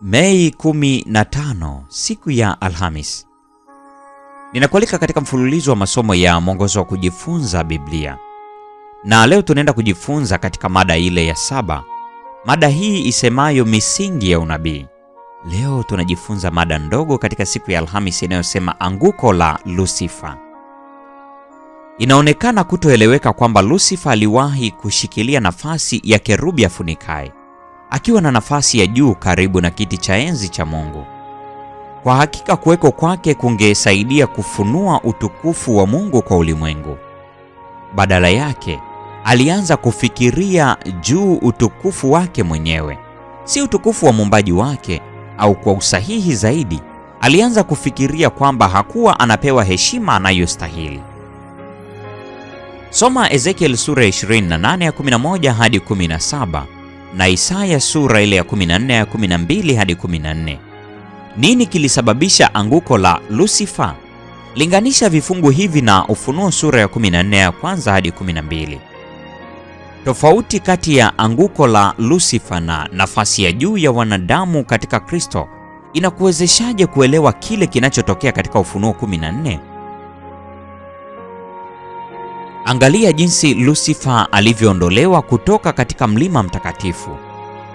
Mei 15 siku ya Alhamis. Ninakualika katika mfululizo wa masomo ya mwongozo wa kujifunza Biblia, na leo tunaenda kujifunza katika mada ile ya saba, mada hii isemayo misingi ya unabii. Leo tunajifunza mada ndogo katika siku ya Alhamis inayosema anguko la Lusifa. Inaonekana kutoeleweka kwamba Lusifa aliwahi kushikilia nafasi ya kerubi afunikaye akiwa na nafasi ya juu karibu na kiti cha enzi cha Mungu. Kwa hakika kuweko kwake kungesaidia kufunua utukufu wa Mungu kwa ulimwengu. Badala yake, alianza kufikiria juu utukufu wake mwenyewe, si utukufu wa muumbaji wake, au kwa usahihi zaidi, alianza kufikiria kwamba hakuwa anapewa heshima anayostahili. Soma Ezekiel sura 28 ya 11 hadi 17 na Isaya sura ile ya 14 ya 12 hadi 14. Nini kilisababisha anguko la Lucifer? Linganisha vifungu hivi na Ufunuo sura ya 14 ya kwanza hadi 12. Tofauti kati ya anguko la Lucifer na nafasi ya juu ya wanadamu katika Kristo inakuwezeshaje kuelewa kile kinachotokea katika Ufunuo 14? Angalia jinsi Lusifa alivyoondolewa kutoka katika mlima mtakatifu.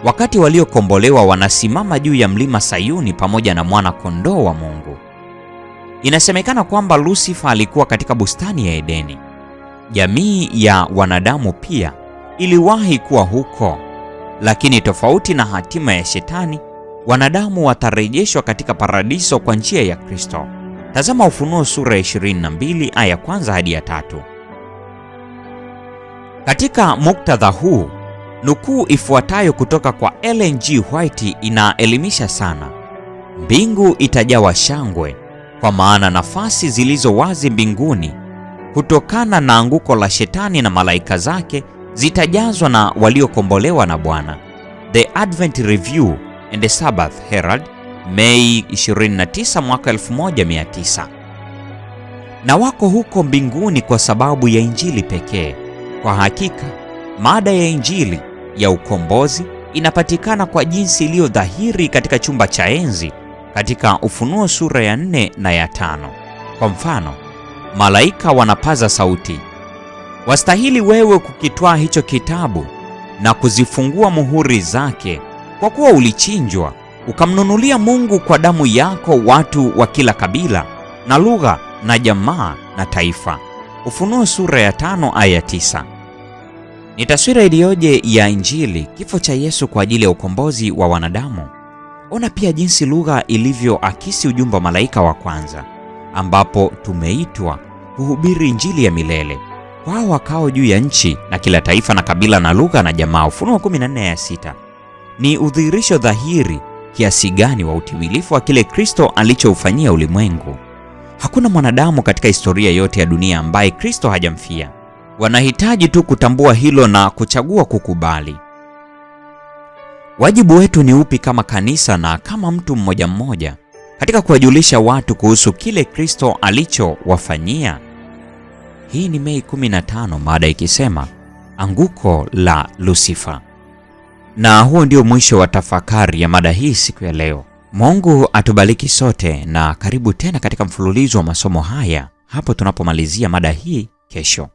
Wakati waliokombolewa wanasimama juu ya mlima Sayuni pamoja na mwana kondoo wa Mungu. Inasemekana kwamba Lucifer alikuwa katika bustani ya Edeni. Jamii ya wanadamu pia iliwahi kuwa huko, lakini tofauti na hatima ya Shetani, wanadamu watarejeshwa katika paradiso kwa njia ya Kristo. Tazama Ufunuo sura ya 22 aya kwanza hadi ya tatu. Katika muktadha huu, nukuu ifuatayo kutoka kwa Ellen G. White inaelimisha sana. Mbingu itajawa shangwe kwa maana nafasi zilizo wazi mbinguni kutokana na anguko la Shetani na malaika zake zitajazwa na waliokombolewa na Bwana. The Advent Review and the Sabbath Herald, Mei 29 mwaka 1900. Na wako huko mbinguni kwa sababu ya Injili pekee. Kwa hakika mada ya Injili ya ukombozi inapatikana kwa jinsi iliyo dhahiri katika chumba cha enzi katika Ufunuo sura ya nne na ya tano. Kwa mfano, malaika wanapaza sauti, wastahili wewe kukitwaa hicho kitabu na kuzifungua muhuri zake, kwa kuwa ulichinjwa ukamnunulia Mungu kwa damu yako watu wa kila kabila na lugha na jamaa na taifa Ufunuo sura ya tano aya tisa. Ni taswira iliyoje ya Injili, kifo cha Yesu kwa ajili ya ukombozi wa wanadamu. Ona pia jinsi lugha ilivyoakisi ujumbe wa malaika wa kwanza, ambapo tumeitwa kuhubiri Injili ya milele kwao wakao juu ya nchi na kila taifa na kabila na lugha na jamaa. Ufunuo 146 Ni udhihirisho dhahiri kiasi gani wa utimilifu wa kile Kristo alichoufanyia ulimwengu. Hakuna mwanadamu katika historia yote ya dunia ambaye Kristo hajamfia. Wanahitaji tu kutambua hilo na kuchagua kukubali. Wajibu wetu ni upi kama kanisa na kama mtu mmoja mmoja katika kuwajulisha watu kuhusu kile Kristo alichowafanyia? Hii ni Mei 15, mada ikisema anguko la Lusifa. Na huo ndio mwisho wa tafakari ya mada hii siku ya leo. Mungu atubariki sote na karibu tena katika mfululizo wa masomo haya hapo tunapomalizia mada hii kesho.